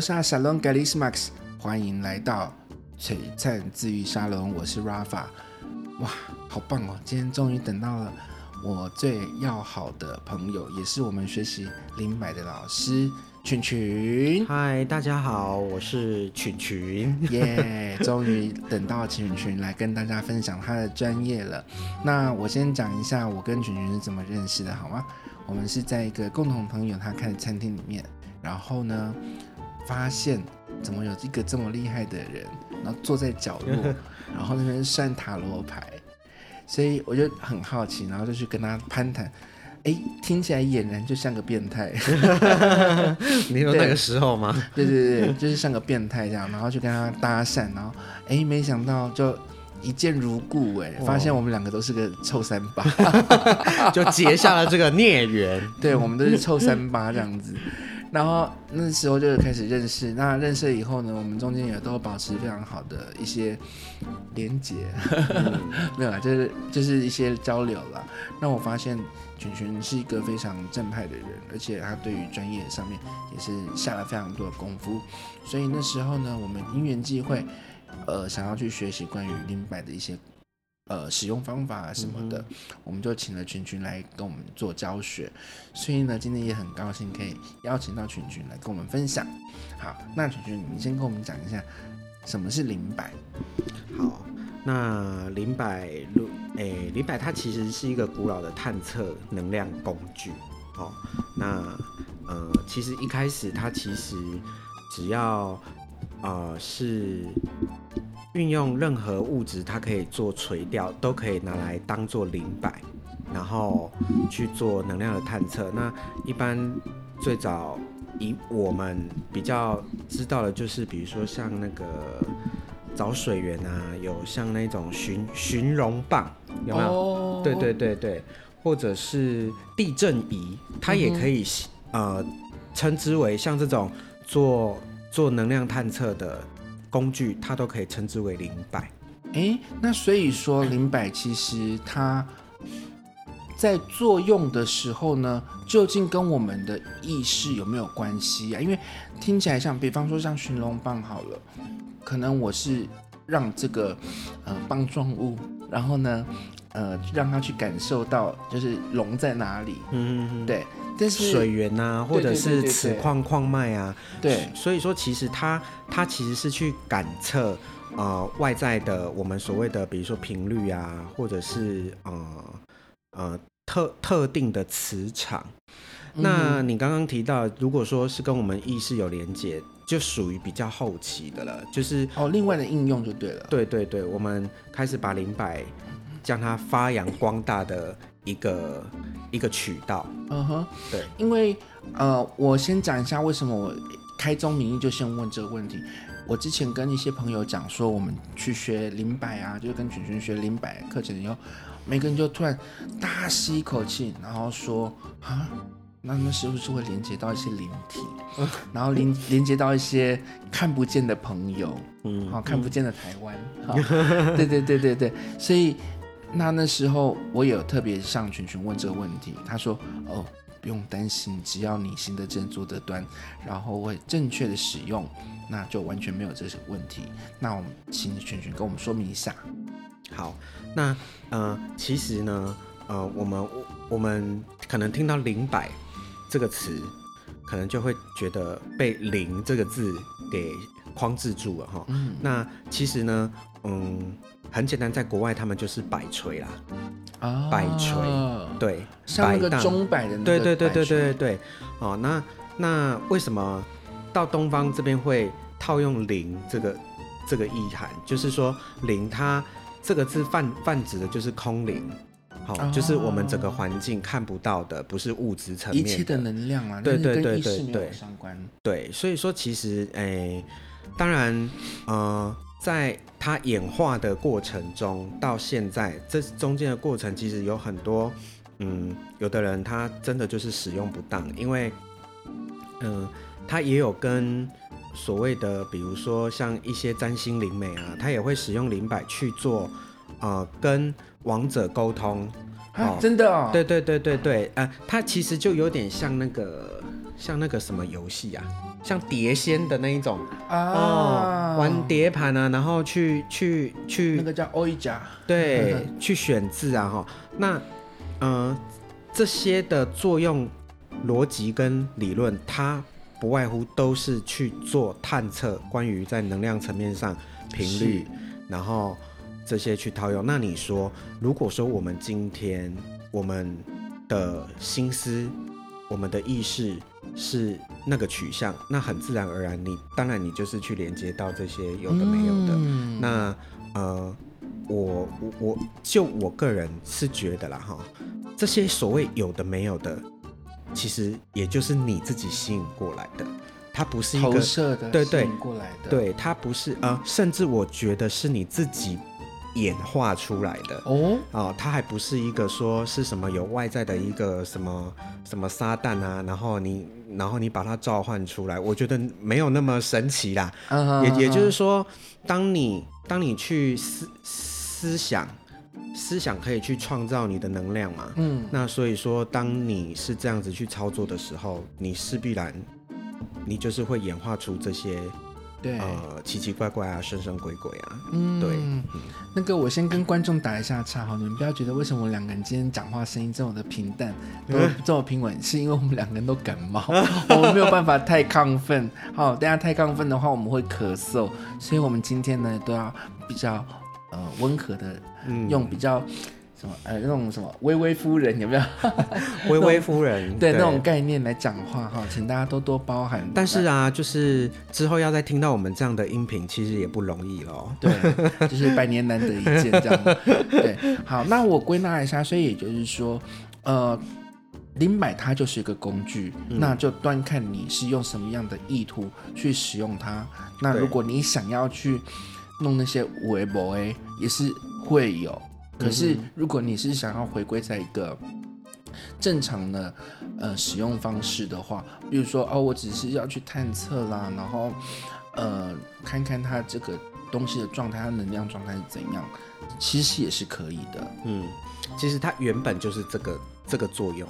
Salón karisMax，歡迎來到璀璨自遇沙龍。我是 Rafa，哇，好棒哦！今天終於等到了我最要好的朋友，也是我們學習靈擺的老師，群群。嗨，大家好，我是群群。耶 ，yeah, 終於等到群群來跟大家分享他的專業了。那我先講一下我跟群群是怎麼認識的，好嗎？我們是在一個共同朋友他開的餐廳裡面，然後呢。發現怎麼有一個這麼厲害的人，然後坐在角落，然後那邊算塔羅牌，所以我就很好奇，然後就去跟他攀談，哎、欸，聽起來儼然就像個變態。你說那個時候嗎？對對對，就是像個變態這樣，然後去跟他搭訕，然後哎、欸，沒想到就一見如故、欸，哎，發現我們兩個都是個臭三八，就結下了這個孽緣。對，我們都是臭三八這樣子。然後那時候就開始認識，那認識以後呢，我們中間也都保持非常好的一些連接，沒有啦，就是就是一些交流啦。那我發現群群是一個非常正派的人，而且他對於專業上面也是下了非常多的功夫。所以那時候呢，我們因緣際會，呃，想要去學習關於靈擺的一些。呃，使用方法啊什麼的，嗯哼，我們就請了群群來跟我們做教學，所以呢，今天也很高興可以邀請到群群來跟我們分享。好，那群群，你先跟我們講一下什麼是靈擺？好，那靈擺，誒、欸，哎，靈擺它其實是一個古老的探測能量工具。哦，那呃，其實一開始它其實只要呃……是。運用任何物質，它可以做垂吊，都可以拿來當做靈擺，然後去做能量的探測。那一般最早以我們比較知道的，就是比如說像那個找水源啊，有像那種尋尋龍棒，有沒有？對、oh. 對對對，或者是地震儀，它也可以、mm hmm. 呃，稱之為像這種做做能量探測的。工具，它都可以稱之為靈擺。誒、欸，那所以說，靈擺其實它在作用的時候呢，究竟跟我們的意識有沒有關係啊？因為聽起來像，比方說像尋龍棒好了，可能我是讓這個呃棒狀物，然後呢呃讓它去感受到就是龍在哪裡。嗯，嗯，嗯，對。水源吶、啊，或者是磁礦礦脈啊，對對對對，對，所以說其實它它其實是去感測，呃，外在的我們所謂的，比如說頻率啊，或者是呃呃特特定的磁場。嗯、那你剛剛提到，如果說是跟我們意識有連接，就屬於比較後期的了，就是哦，另外的應用就對了，對對對，我們開始把靈擺，將它發揚光大的。一個一個渠道，嗯哼，對，因為呃，我先講一下為什麼我開宗明義就先問這個問題。我之前跟一些朋友講說，我們去學靈擺啊，就是跟群群學靈擺課程以後，每個人就突然大吸一口氣，然後說啊，那那是不是會連接到一些靈體，嗯、然後連連接到一些看不見的朋友，嗯，啊，看不見的台灣，對對對對對，所以。那那時候我也有特別向群群問這個問題，他說：“哦，不用擔心，只要你行得正，坐得端，然後會正確的使用，那就完全沒有這些問題。”那我們請群群跟我們說明一下。好，那呃，其實呢，呃，我們我們可能聽到“靈擺”這個詞，可能就會覺得被“靈”這個字給。框製住了哈，嗯、那其實呢，嗯，很簡單，在國外他們就是擺錘啦，啊、哦，擺錘，對，像那個鐘擺的那個擺錘，對對對對對對，對，對哦，那那為什麼到東方這邊會套用靈這個這個意涵？就是說靈它這個字泛泛指的就是空靈，好、哦，哦、就是我們整個環境看不到的，不是物質層面一切的能量嘛、啊，對，對對對對對，對，所以說其實哎、欸當然，呃，在它演化的過程中，到現在這中間的過程，其實有很多，嗯，有的人他真的就是使用不當，因為，嗯、呃，他也有跟所謂的，比如說像一些占星靈媒啊，他也會使用靈擺去做、呃，跟亡者溝通。哈哦、真的、哦？對對對對對，啊、呃，他其實就有點像那個，像那個什麼遊戲啊。像碟仙的那一種啊、哦，玩碟盤啊，然後去去去，去那個叫 Ouija，對，呵呵去選字啊哈。那，呃，這些的作用邏輯跟理論，它不外乎都是去做探測，關於在能量層面上頻率，是然後這些去套用。那你說，如果說我們今天我們的心思，我們的意識是？那個取向，那很自然而然你，你當然你就是去連接到這些有的沒有的。嗯、那呃，我我我就我個人是覺得啦哈，這些所謂有的沒有的，其實也就是你自己吸引過來的，它不是一個投射的吸引過來的，對對對它不是啊、呃、甚至我覺得是你自己。演化出來的哦，哦，它還不是一個說是什麼有外在的一個什麼什麼撒旦啊，然後你然後你把它召喚出來，我覺得沒有那麼神奇啦。Uh huh huh huh huh. 也也就是說，當你當你去思思想，思想可以去創造你的能量嘛。嗯，那所以說，當你是這樣子去操作的時候，你勢必然你就是會演化出這些。對，呃，奇奇怪怪啊，神神鬼鬼啊，嗯，對，嗯、那個我先跟觀眾打一下岔，你們不要覺得為什麼我兩個人今天講話聲音這麼的平淡，這麼平穩，嗯、是因為我們兩個人都感冒， 我們沒有辦法太亢奮，好，大家太亢奮的話我們會咳嗽，所以我們今天呢都要比較、呃、溫和的用、嗯、比較。什麼呃那種什麼薇薇夫人有沒有？薇薇夫人對，對那種概念來講話哈，請大家多多包涵。但是啊，來就是之後要再聽到我們這樣的音頻，其實也不容易哦。對，就是百年難得一見這樣。 對，好，那我歸納一下，所以也就是說，呃，靈擺它就是一個工具，嗯、那就端看你是用什麼樣的意圖去使用它。嗯、那如果你想要去弄那些微博，哎，也是會有。可是，如果你是想要回歸在一個正常的呃使用方式的話，比如說哦，我只是要去探測啦，然後呃看看它這個東西的狀態，它能量狀態是怎樣？其實也是可以的。嗯，其實它原本就是這個這個作用，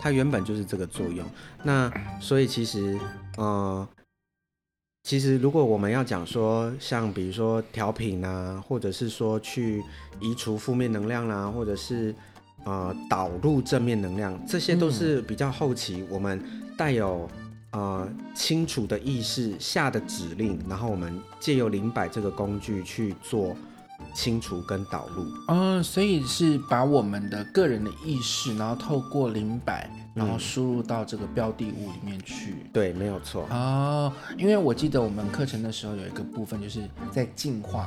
它原本就是這個作用。那所以其實呃。其實，如果我們要講說，像比如說調頻啊，或者是說去移除負面能量啦、啊，或者是呃導入正面能量，這些都是比較後期我們帶有、嗯、呃清楚的意識下的指令，然後我們借由靈擺這個工具去做。清除跟導入，嗯，所以是把我們的個人的意識，然後透過靈擺，然後輸入到這個標的物裡面去。嗯、對，沒有錯。哦，因為我記得我們課程的時候有一個部分，就是在淨化，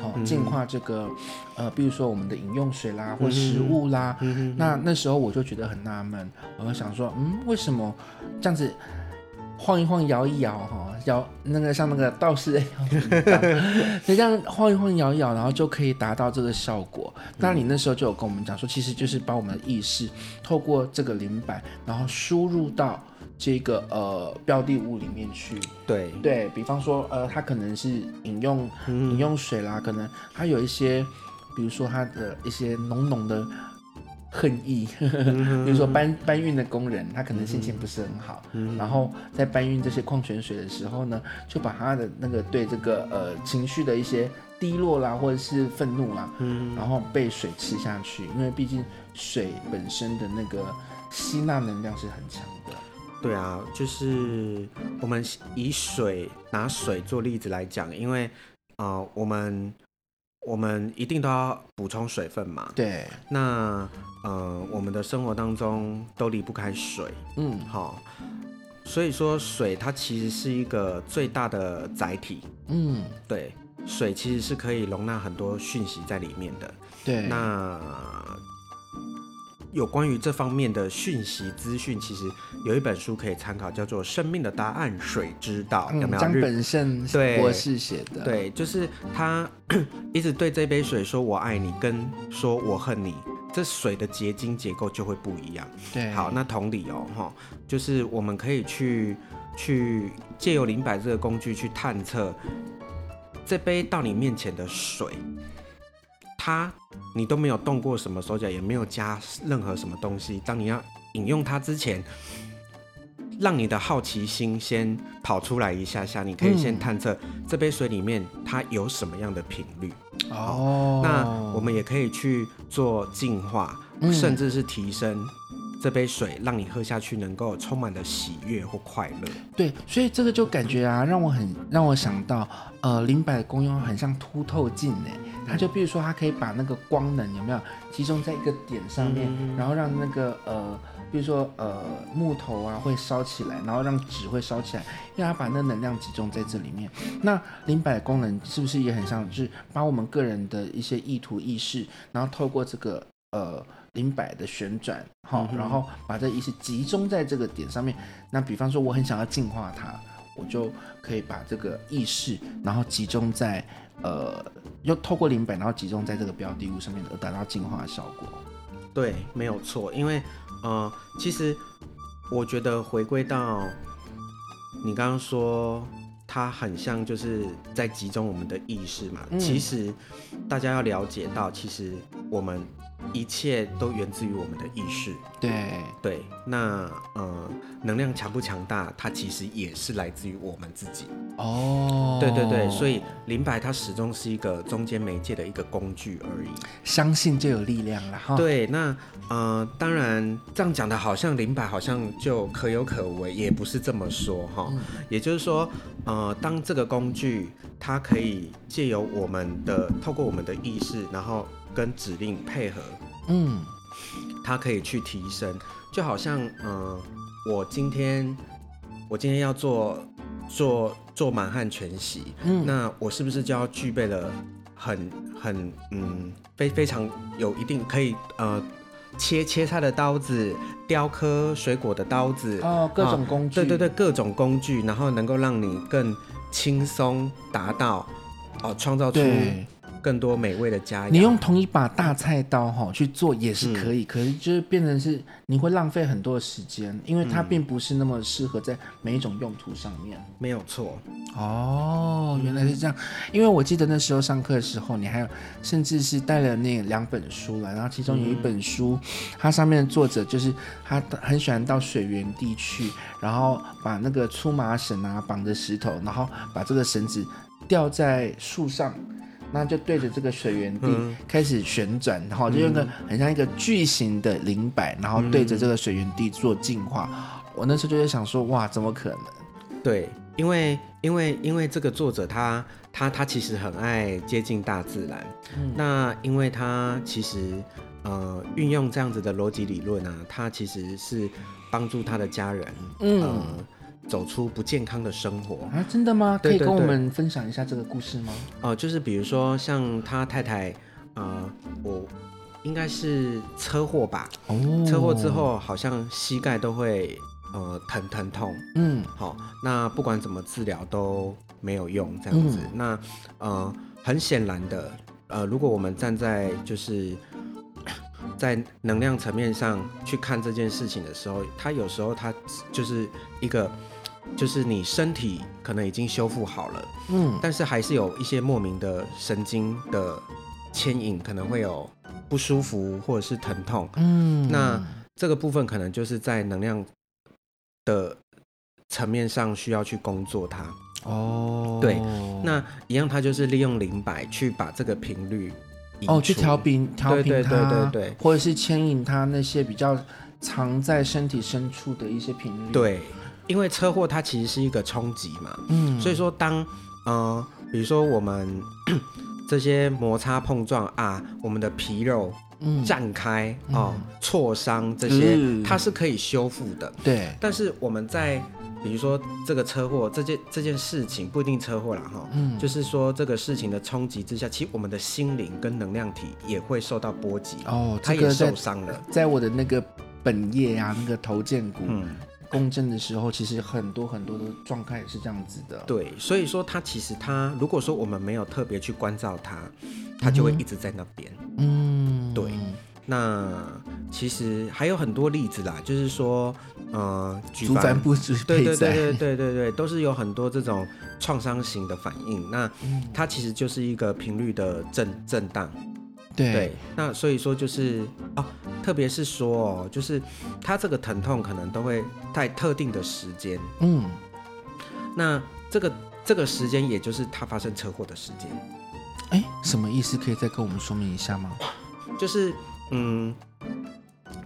好、哦，嗯、淨化這個，呃，比如說我們的飲用水啦，或食物啦。嗯、嗯，那那時候我就覺得很納悶，我就想說，嗯，為什麼這樣子？晃一晃搖一搖，搖一搖，哈，搖那個像那個道士的一樣子， 這樣晃一晃，搖一搖，然後就可以達到這個效果。那你那時候就有跟我們講說，嗯、其實就是把我們的意識透過這個靈擺，然後輸入到這個呃標的物裡面去。對，對，比方說，呃，它可能是飲用飲用水啦，嗯、可能它有一些，比如說它的一些濃濃的。恨意， 比如說搬搬運的工人，他可能心情不是很好，嗯嗯、然後在搬運這些礦泉水的時候呢，就把他的那個對這個呃情緒的一些低落啦，或者是憤怒啦，嗯、然後被水吃下去，因為畢竟水本身的那個吸納能量是很強的。對啊，就是我們以水拿水做例子來講，因為啊、呃，我們。我們一定都要補充水分嘛。對，那、呃、我們的生活當中都離不開水，嗯，好、哦，所以說水它其實是一個最大的載體，嗯，對，水其實是可以容納很多訊息在裡面的。對，那。有關於這方面的訊息資訊，其實有一本書可以參考，叫做《生命的答案：水知道》，嗯，有沒有？江本勝博士寫的。對，就是他、嗯、一直對這杯水說“我愛你”跟“說我恨你”，這水的結晶結構就會不一樣。對，好，那同理哦，哈，就是我們可以去去借由靈擺這個工具去探測這杯到你面前的水，它。你都沒有動過什麼手腳，也沒有加任何什麼東西。當你要飲用它之前，讓你的好奇心先跑出來一下下，你可以先探測這杯水裡面它有什麼樣的頻率。哦、嗯，那我們也可以去做淨化，嗯、甚至是提升。這杯水讓你喝下去能夠充滿了喜悅或快樂。對，所以這個就感覺啊，讓我很讓我想到，呃，靈擺的功用很像凸透鏡誒，它就比如說它可以把那個光能有沒有集中在一個點上面，然後讓那個呃，比如說呃木頭啊會燒起來，然後讓紙會燒起來，因為它把那個能量集中在這裡面。那靈擺的功能是不是也很像，就是把我們個人的一些意圖意識，然後透過這個呃。靈擺的旋轉，好，然後把這意識集中在這個點上面。那比方說，我很想要淨化它，我就可以把這個意識，然後集中在，呃，又透過靈擺，然後集中在這個標的物上面，而達到淨化的效果。對，沒有錯。因為，呃，其實我覺得回歸到你剛剛說，它很像就是在集中我們的意識嘛。嗯，其實大家要了解到，其實我們。一切都源自於我們的意識，對對，那呃，能量強不強大，它其實也是來自於我們自己。哦，對對對，所以靈擺它始終是一個中間媒介的一個工具而已。相信就有力量了哈。對，那呃，當然這樣講的好像靈擺好像就可有可無，也不是這麼說哈。哦嗯、也就是說，呃，當這個工具它可以借由我們的透過我們的意識，然後。跟指令配合，嗯，它可以去提升，就好像，嗯、呃，我今天我今天要做做做滿漢全席，嗯，那我是不是就要具備了很很嗯非非常有一定可以呃切切菜的刀子，雕刻水果的刀子，哦，各種工具、啊，對對對，各種工具，然後能夠讓你更輕鬆達到哦、啊，創造出。更多美味的佳餚，你用同一把大菜刀哈、哦、去做也是可以，嗯、可是就是變成是你會浪費很多的時間，因為它並不是那麼適合在每一種用途上面。嗯、沒有錯哦，原來是這樣。因為我記得那時候上課的時候，你還有甚至是帶了那兩本書來，然後其中有一本書，嗯、它上面的作者就是他很喜歡到水源地去，然後把那個粗麻繩啊綁着石頭，然後把這個繩子吊在樹上。那就對着這個水源地開始旋轉，嗯、然後就用個很像一個巨型的靈擺，嗯、然後對着這個水源地做淨化。嗯、我那時候就在想說，哇，怎麼可能？對，因為因為因為這個作者他他他其實很愛接近大自然。嗯、那因為他其實、嗯、呃運用這樣子的邏輯理論啊，他其實是幫助他的家人，嗯。呃走出不健康的生活啊？真的嗎？對對對對，可以跟我們分享一下這個故事嗎？哦、呃，就是比如說像他太太，呃，我應該是車禍吧？哦、車禍之後好像膝蓋都會呃疼疼痛，嗯，好、哦，那不管怎麼治療都沒有用這樣子。嗯、那呃，很顯然的，呃，如果我們站在就是在能量層面上去看這件事情的時候，他有時候他就是一個。就是你身體可能已經修復好了，嗯，但是還是有一些莫名的神經的牽引，可能會有不舒服或者是疼痛，嗯，那這個部分可能就是在能量的層面上需要去工作它。哦，對，那一樣，它就是利用靈擺去把這個頻率，哦，去調頻，調頻，對對對對對，或者是牽引它那些比較藏在身體深處的一些頻率，對。因為車禍它其實是一個衝擊嘛，嗯，所以說當，呃，比如說我們這些摩擦碰撞啊，我們的皮肉，嗯，綻開啊，挫傷這些，嗯、它是可以修復的，對。但是我們在比如說這個車禍這件這件事情不一定車禍啦哈，哦、嗯，就是說這個事情的衝擊之下，其實我們的心靈跟能量體也會受到波及哦，他、這個、也受傷了，在我的那個本業啊，那個頭薦骨。嗯共振的時候，其實很多很多的狀態也是這樣子的。對，所以說他其實他，如果說我們沒有特別去關照他，他就會一直在那邊。嗯哼，對。那其實還有很多例子啦，就是說，呃，舉凡，凡不止，對對對對對對對，都是有很多這種創傷型的反應。那它其實就是一個頻率的震震盪。對，對，那所以說就是哦，特別是說哦，就是他這個疼痛可能都會在特定的時間，嗯，那這個這個時間也就是他發生車禍的時間，誒，什麼意思？可以再跟我們說明一下嗎？就是嗯，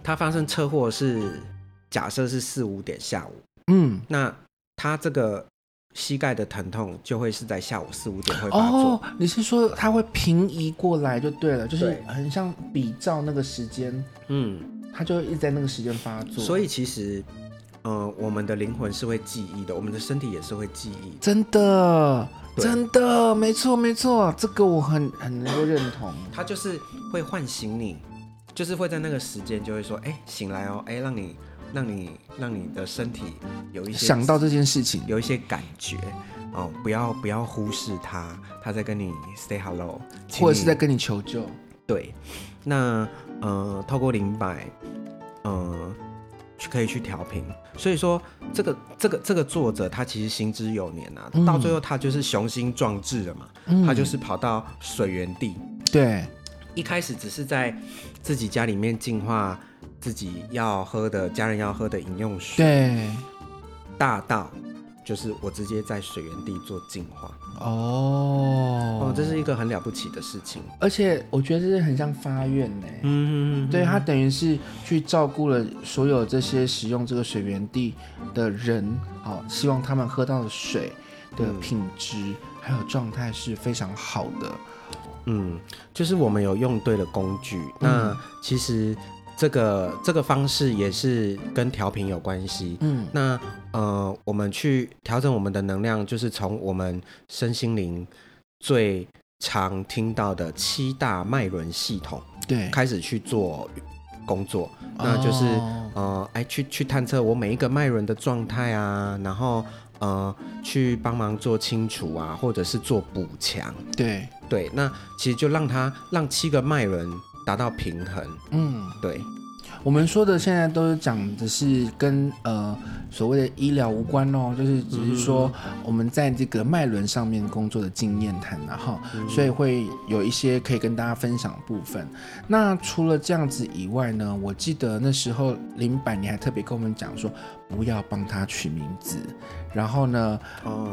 他發生車禍是假設是四五點下午，嗯，那他這個。膝蓋的疼痛就會是在下午四五點會發作。哦，你是說它會平移過來就對了，好就是很像比照那個時間，嗯對，它就會一直在那個時間發作。所以其實，呃，我們的靈魂是會記憶的，我們的身體也是會記憶。真的，對真的，沒錯沒錯，這個我很很能夠認同。它 就是會喚醒你，就是會在那個時間就會說，哎、欸，醒來哦，哎、欸，讓你。讓你讓你的身體有一些想到這件事情，有一些感覺哦、嗯，不要不要忽視他，他在跟你 say hello，你或者是在跟你求救。對，那呃，透過靈擺，嗯、呃，去可以去調頻。所以說，這個這個這個作者他其實行之有年啊，嗯、到最後他就是雄心壯志了嘛，嗯、他就是跑到水源地。對，一開始只是在自己家裡面淨化。自己要喝的、家人要喝的飲用水，對，大到就是我直接在水源地做淨化。哦哦，這是一個很了不起的事情，而且我覺得這是很像發願呢、嗯。嗯，對他等於是去照顧了所有這些使用這個水源地的人，好、哦，希望他們喝到的水的品質還有狀態是非常好的。嗯，就是我們有用對了工具，那其實。這個這個方式也是跟調頻有關係。嗯，那呃，我們去調整我們的能量，就是從我們身心靈最常聽到的七大脈輪系統對開始去做工作。對那就是，哦，呃，哎，去去探測我每一個脈輪的狀態啊，然後呃，去幫忙做清除啊，或者是做補強。對對，那其實就讓它讓七個脈輪，達到平衡，嗯，對。我們說的現在都是講的是跟呃所謂的醫療無關哦，就是只是說我們在這個脈輪上面工作的經驗談，然後、啊、嗯、所以會有一些可以跟大家分享的部分。那除了這樣子以外呢，我記得那時候林板你還特別跟我們講說，不要幫他取名字，然後呢，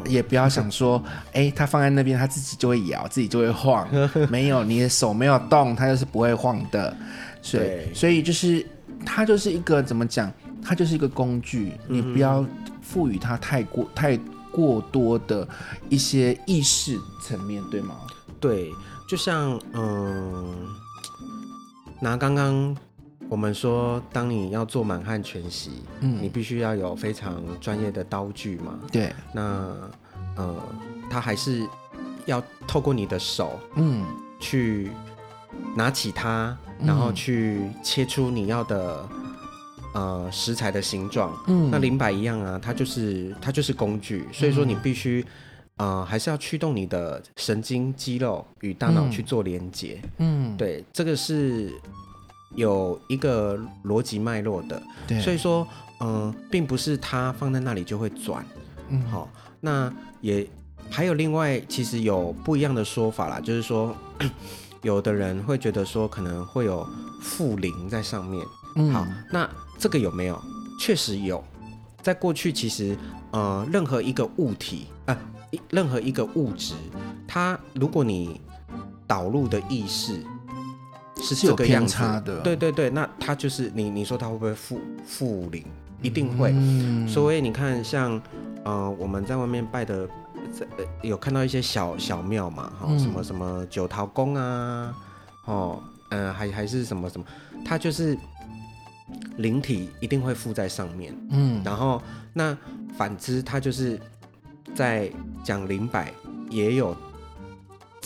也不要想說，哎、嗯，他放在那邊他自己就會搖，自己就會晃， 沒有你的手沒有動，他就是不會晃的。對，所以就是。它就是一個怎麼講？它就是一個工具，你不要賦予它太過、嗯、哼太過多的一些意識層面對嗎？對，就像嗯、呃，拿剛剛我們說，當你要做滿漢全席，嗯，你必須要有非常專業的刀具嘛。對，那呃，它還是要透過你的手，嗯，去拿起它。然後去切出你要的、嗯、呃食材的形狀，嗯、那靈擺一樣啊，它就是它就是工具，所以說你必須、嗯、呃還是要驅動你的神經肌肉與大腦去做連接，嗯，嗯對，這個是有一個邏輯脈絡的，對所以說嗯、呃，並不是它放在那裡就會轉，嗯，好、哦，那也還有另外其實有不一樣的說法啦，就是說。 有的人會覺得說可能會有附靈在上面，好，嗯、那這個有沒有？確實有，在過去其實呃任何一個物體呃任何一個物質，它如果你導入的意識是有個偏差的，對對對，那它就是你你說它會不會附附靈？一定會，所以你看像呃我們在外面拜的。這有看到一些小小廟嘛，吼、哦嗯，什麼什麼九桃宮啊，哦，嗯、呃，還還是什麼什麼，它就是靈體一定會附在上面，嗯，然後那反之，它就是在講靈擺也有，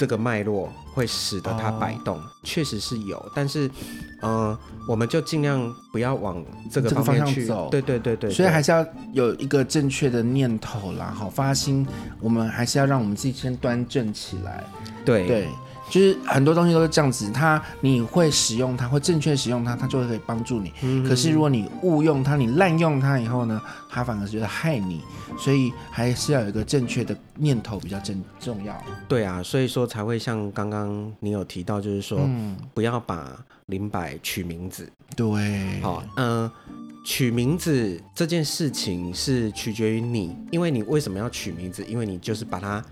這個脈絡會使得它擺動，哦、確實是有，但是，嗯、呃，我們就儘量不要往這個方向去。向走，對對對對。所以還是要有一個正確的念頭啦，好發心。我們還是要讓我們自己先端正起來。對對。對其實很多東西都是這樣子，它你會使用它，會正確使用它，它就會可以幫助你。嗯、可是如果你誤用它，你濫用它以後呢，它反而覺得害你。所以還是要有一個正確的念頭比較重重要。對啊，所以說才會像剛剛你有提到，就是說、嗯、不要把靈擺取名字。對，好，嗯、呃，取名字這件事情是取決於你，因為你為什麼要取名字？因為你就是把它。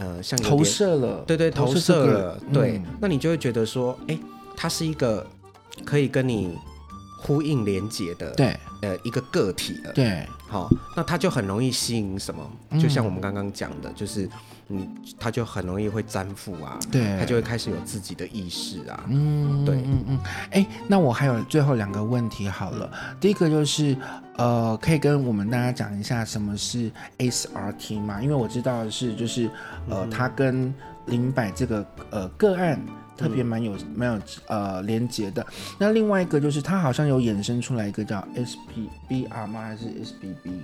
呃，像投射了，對對，投射，這個、投射了，對，嗯、那你就會覺得說，哎，它是一個可以跟你呼應連接的，對，呃，一個個體了，對。好、哦，那他就很容易吸引什麼？就像我們剛剛講的，嗯、就是你，他就很容易會粘附啊，對，他就會開始有自己的意識啊，嗯，對，嗯嗯，哎、嗯欸，那我還有最後兩個問題好了，第一個就是，呃，可以跟我們大家講一下什麼是 SRT 嗎？因為我知道的是就是，呃，他跟靈擺這個呃個案。嗯、特別蠻有蠻有呃連接的。那另外一個就是，它好像有衍生出來一個叫 SPBR 嗎？還是 SPB？誒、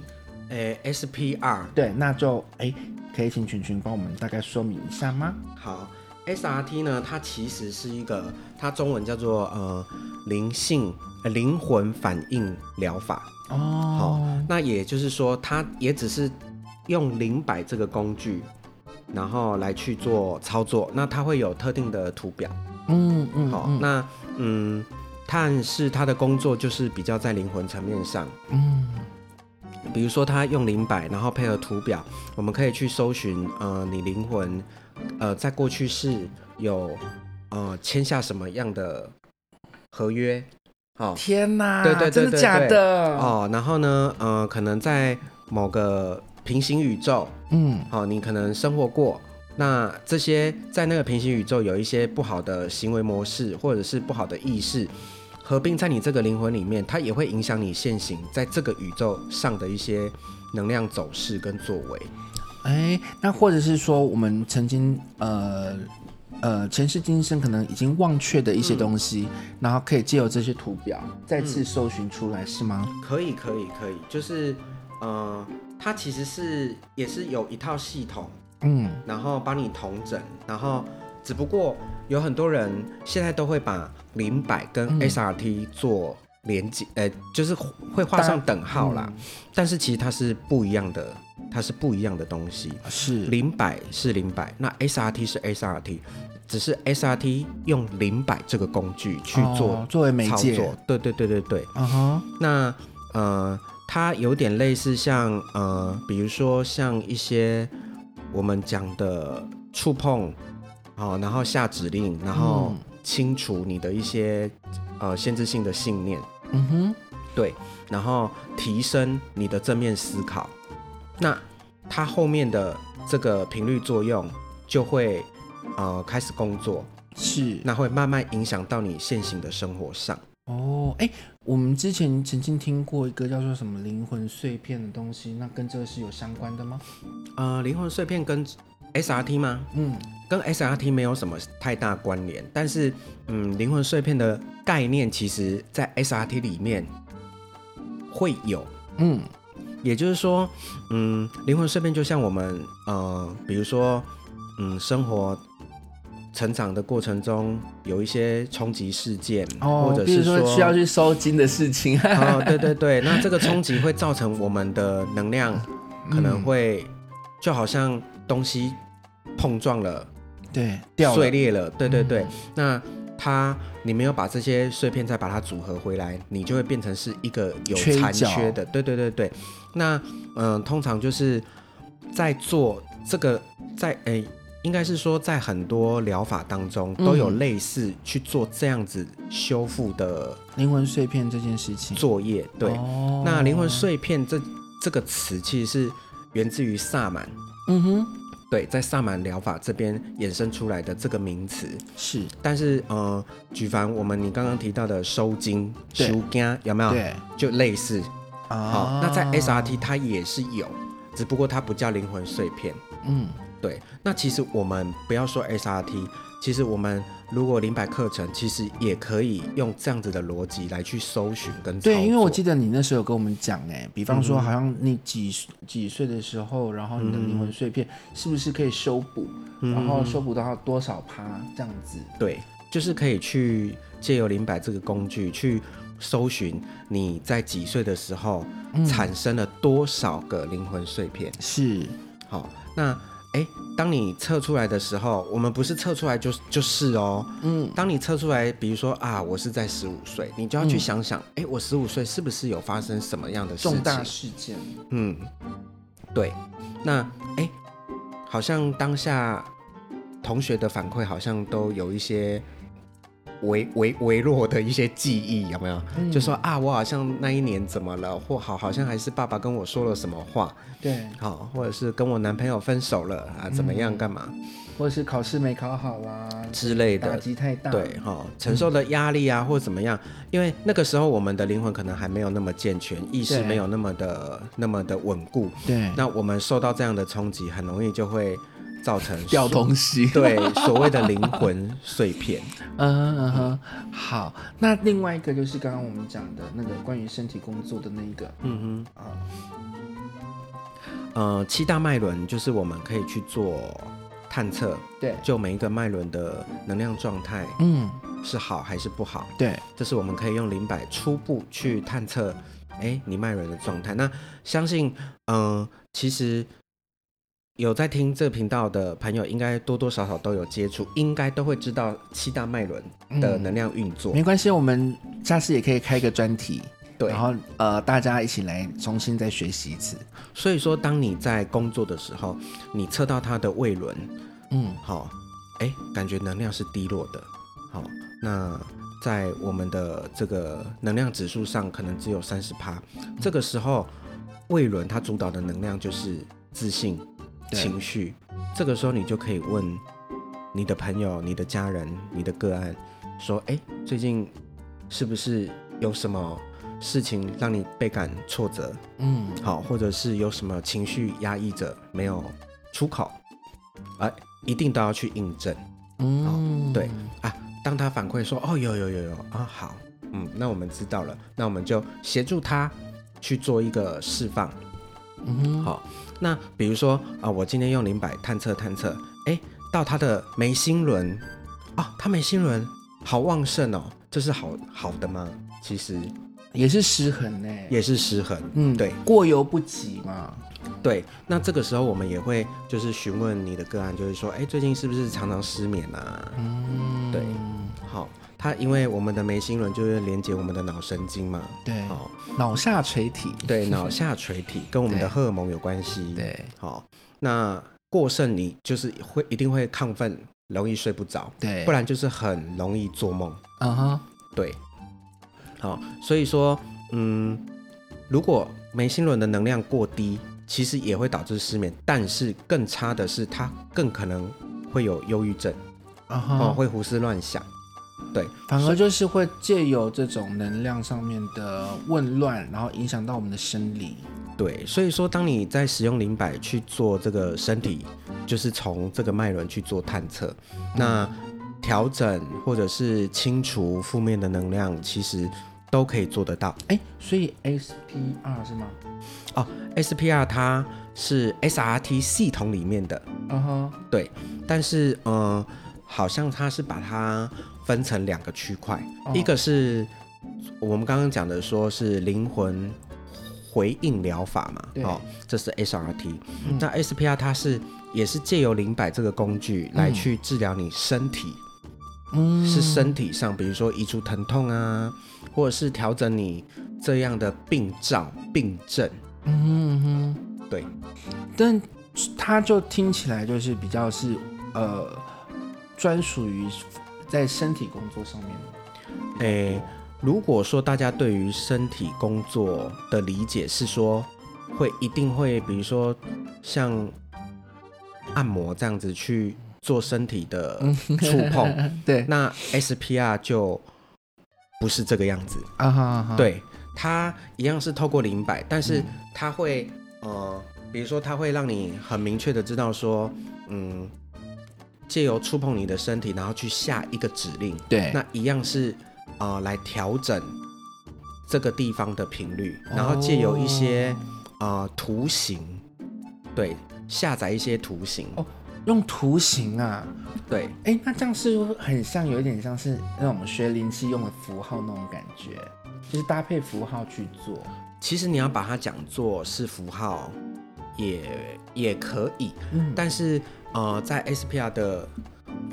欸、SPR？對，那就誒、欸，可以請群群幫我們大概說明一下嗎？嗯、好，SRT 呢，它其實是一個，它中文叫做呃靈性、呃、靈魂反應療法哦。好，那也就是說，它也只是用靈擺這個工具。然後來去做操作，那他會有特定的圖表，嗯嗯，嗯好，那嗯，探視他的工作就是比較在靈魂層面上，嗯，比如說他用靈擺，然後配合圖表，我們可以去搜尋，呃，你靈魂，呃，在過去是有呃簽下什麼樣的合約，好，天哪、啊，對對，對，對對，真的假的？哦，然後呢，呃，可能在某個。平行宇宙，嗯，好、哦，你可能生活過，那這些在那個平行宇宙有一些不好的行為模式，或者是不好的意識，合併在你這個靈魂裡面，它也會影響你現行在這個宇宙上的一些能量走勢跟作為。哎、欸，那或者是說，我們曾經呃呃前世今生可能已經忘卻的一些東西，嗯、然後可以借由這些圖表再次搜尋出來，嗯、是嗎？可以，可以，可以，就是呃。它其實是也是有一套系統，嗯，然後幫你統整，然後只不過有很多人現在都會把靈擺跟 S R T 做連接，嗯、呃，就是會畫上等號啦。但，嗯、但是其實它是不一樣的，它是不一樣的東西。是靈擺是靈擺，那 S R T 是 S R T，只是 S R T 用靈擺這個工具去做作、哦、作為媒介。對對對對對。嗯、uh huh、那呃。它有點類似像呃，比如說像一些我們講的觸碰，好、呃，然後下指令，然後清除你的一些呃限制性的信念，嗯哼，對，然後提升你的正面思考，那它後面的這個頻率作用就會呃開始工作，是，那會慢慢影響到你現行的生活上。哦，哎、欸，我們之前曾經聽過一個叫做什麼靈魂碎片的東西，那跟這個是有相關的嗎？呃，靈魂碎片跟 SRT 嗎？嗯，跟 SRT 沒有什麼太大關聯，但是嗯，靈魂碎片的概念其實在 SRT 裡面會有，嗯，也就是說，嗯，靈魂碎片就像我們呃，比如說嗯，生活。成長的過程中有一些衝擊事件，哦、或者是說，說需要去收驚的事情。哦，對對對， 那這個衝擊會造成我們的能量可能會就好像東西碰撞了，對、嗯，碎裂了。對，了對對對，嗯、那它你沒有把這些碎片再把它組合回來，你就會變成是一個有殘缺的。缺角對，對對對對，那嗯、呃，通常就是在做這個，在誒。欸應該是說，在很多療法當中都有類似去做這樣子修復的嗯、靈魂碎片這件事情作業。對，哦、那靈魂碎片這這個詞其實是源自於薩滿。嗯哼，對，在薩滿療法這邊衍生出來的這個名詞是。但是呃，舉凡我們你剛剛提到的收金收驚對有沒有？對，就類似。哦、好，那在 SRT 它也是有，只不過它不叫靈魂碎片。嗯。對，那其實我們不要說 S R T，其實我們如果靈擺課程，其實也可以用這樣子的邏輯來去搜尋跟操作。對，因為我記得你那時候有跟我們講，哎，比方說，好像你幾幾歲的時候，然後你的靈魂碎片是不是可以修補，嗯、然後修補到多少趴這樣子？對，就是可以去借由靈擺這個工具去搜尋你在幾歲的時候產生了多少個靈魂碎片。嗯、是，好，那。哎，當你測出來的時候，我們不是測出來就就是哦，嗯，當你測出來，比如說啊，我是在十五歲，你就要去想想，哎、嗯，我十五歲是不是有發生什麼樣的事重大事件？嗯，對，那哎，好像當下同學的反饋好像都有一些。微微微弱的一些記憶有沒有？嗯、就說啊，我好像那一年怎麼了，或好，好像還是爸爸跟我說了什麼話，對，好、哦，或者是跟我男朋友分手了啊，怎麼樣，幹嘛，或者是考試沒考好啊之類的，打擊太大，對哈、哦，承受的壓力啊，或者怎麼樣，因為那個時候我們的靈魂可能還沒有那麼健全，意識沒有那麼的對那麼的穩固，對，那我們受到這樣的衝擊，很容易就會。造成掉東西，對， 所謂的靈魂碎片。Uh huh, uh huh，嗯哼，好，那另外一個就是剛剛我們講的那個關於身體工作的那一個。嗯哼，啊，oh. 呃，七大脈輪就是我們可以去做探測，對，就每一個脈輪的能量狀態，嗯，是好還是不好？對、嗯，這是我們可以用靈擺初步去探測，哎、欸，你脈輪的狀態。那相信，嗯、呃，其實。有在聽這頻道的朋友，應該多多少少都有接觸，應該都會知道七大脈輪的能量運作，嗯。沒關係，我們下次也可以開個專題，對，然後呃，大家一起來重新再學習一次。所以說，當你在工作的時候，你測到它的胃輪，嗯，好，哦，哎、欸，感覺能量是低落的，好，哦，那在我們的這個能量指數上可能只有三十趴。這個時候，胃輪它主導的能量就是自信、情緒，對這個時候你就可以問你的朋友、你的家人、你的個案，說：“哎，最近是不是有什麼事情讓你倍感挫折？嗯，好，或者是有什麼情緒壓抑着沒有出口？啊、呃，一定都要去印證。嗯，好對啊，當他反饋說：‘哦，有有有有啊，好，嗯，那我們知道了，那我們就協助他去做一個釋放。”嗯哼，好，那比如說啊，我今天用靈擺探測探測，哎，到他的眉心輪，啊，他眉心輪好旺盛哦，這是好好的嗎？其實也是失衡呢，也是失衡，嗯，對，過猶不及嘛，嗯、對，那這個時候我們也會就是詢問你的個案，就是說，哎，最近是不是常常失眠啊？嗯，對，好。它因為我們的眉心輪就是連接我們的腦神經嘛，對，哦、腦下垂體，對，是是腦下垂體跟我們的荷爾蒙有關係，對，好、哦，那過剩你就是會一定會亢奮，容易睡不着，對，不然就是很容易做夢，啊哈、uh huh. 對，好、哦，所以說，嗯，如果眉心輪的能量過低，其實也會導致失眠，但是更差的是，它更可能會有憂鬱症，啊、uh huh. 哦、會胡思亂想。對，反而就是會借由這種能量上面的紊亂，然後影響到我們的生理。對，所以說當你在使用靈擺去做這個身體，嗯、就是從這個脈輪去做探測，那調整或者是清除負面的能量，其實都可以做得到。哎、欸，所以 S P R 是嗎？ 哦，S P R 它是 S R T 系統裡面的。嗯哼，對，但是嗯、呃，好像它是把它。分成兩個區塊，哦、一個是我們剛剛講的，說是靈魂回應療法嘛，對哦，這是 SRT，嗯。那 SPR 它是也是借由靈擺這個工具來去治療你身體，嗯、是身體上，比如說移除疼痛啊，嗯、或者是調整你這樣的病症病症。嗯哼，嗯哼，對。但它就聽起來就是比較是呃專屬於。在身體工作上面，哎、欸，如果說大家對於身體工作的理解是說，會一定會，比如說像按摩這樣子去做身體的觸碰， 對，那 SPR 就不是這個樣子啊，uh huh huh. 對，它一樣是透過靈擺，但是它會、uh huh. 呃、比如說它會讓你很明確的知道說，嗯。借由觸碰你的身體，然後去下一個指令。對，那一樣是啊、呃，來調整這個地方的頻率，然後借由一些啊、哦呃、圖形，對，下載一些圖形。哦，用圖形啊？對，哎、欸，那這樣是很像，有一點像是那種學靈氣用的符號那種感覺，就是搭配符號去做。其實你要把它講做是符號，也也可以，嗯、但是。呃，在 SPR 的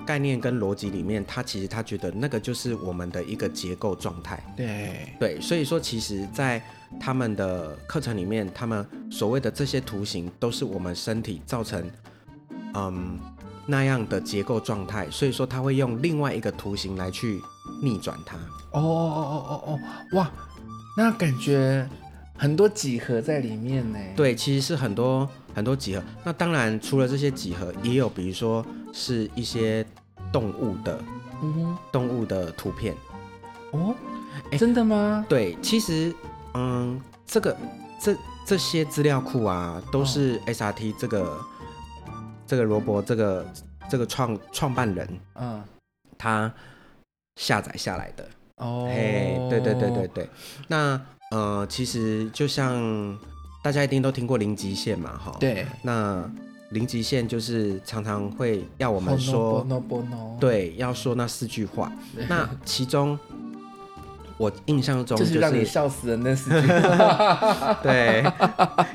概念跟邏輯裡面，他其實他覺得那個就是我們的一個結構狀態。對對，所以說，其實，在他們的課程裡面，他們所謂的這些圖形都是我們身體造成嗯那樣的結構狀態。所以說，他會用另外一個圖形來去逆轉它。哦哦哦哦哦哦！哇，那感覺很多幾何在裡面呢、欸。對，其實是很多。很多幾何，那當然除了這些幾何，也有比如說是一些動物的，嗯、哼動物的圖片，哦，欸、真的嗎？對，其實，嗯，這個這這些資料庫啊，都是 SRT 這個、哦、這個羅伯這個這個創創、這個、辦人，嗯、哦，他下載下來的哦，嘿，hey, 對,對對對對對，那呃，其實就像。大家一定都聽過零極限嘛，哈，對，那零極限就是常常會要我們說，對，要說那四句話。那其中，我印象中就是讓你笑死的那四句，對，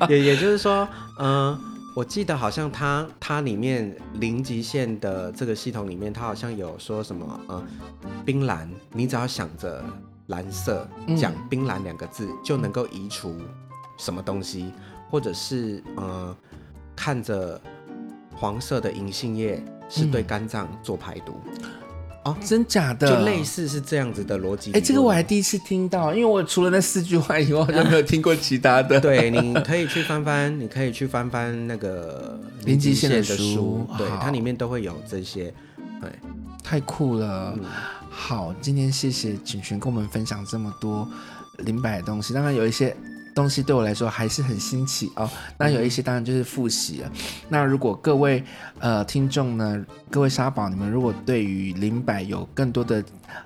也也就是說，嗯，我記得好像它它裡面零極限的這個系統裡面，它好像有說什麼，嗯，冰藍，你只要想着藍色，講冰藍兩個字就能夠移除。什麼東西，或者是呃，看着黃色的銀杏葉是對肝臟做排毒，哦、嗯，啊、真假的，就類似是這樣子的邏輯。哎、欸，這個我還第一次聽到，因為我除了那四句話以外，我好像沒有聽過其他的。 對，你可以去翻翻，你可以去翻翻那個林吉憲的書，的書對，好它裡面都會有這些。對，太酷了。嗯、好，今天謝謝景群跟我們分享這麼多靈擺的東西，當然有一些。東西對我來說還是很新奇哦。那有一些當然就是複習了。那如果各位呃聽眾呢，各位沙寶，你們如果對於靈擺有更多的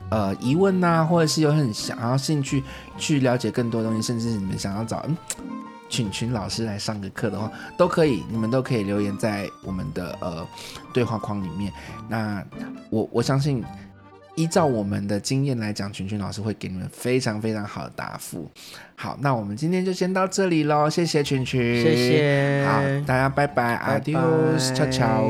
呃疑問吶、啊，或者是有很想要興趣去了解更多的東西，甚至你們想要找嗯群群老師來上個課的話，都可以，你們都可以留言在我們的呃對話框裡面。那我我相信。依照我們的經驗來講，群群老師會給你們非常非常好的答覆。好，那我們今天就先到這裡嘍，謝謝群群，謝謝，好，大家拜拜，Adios，悄悄。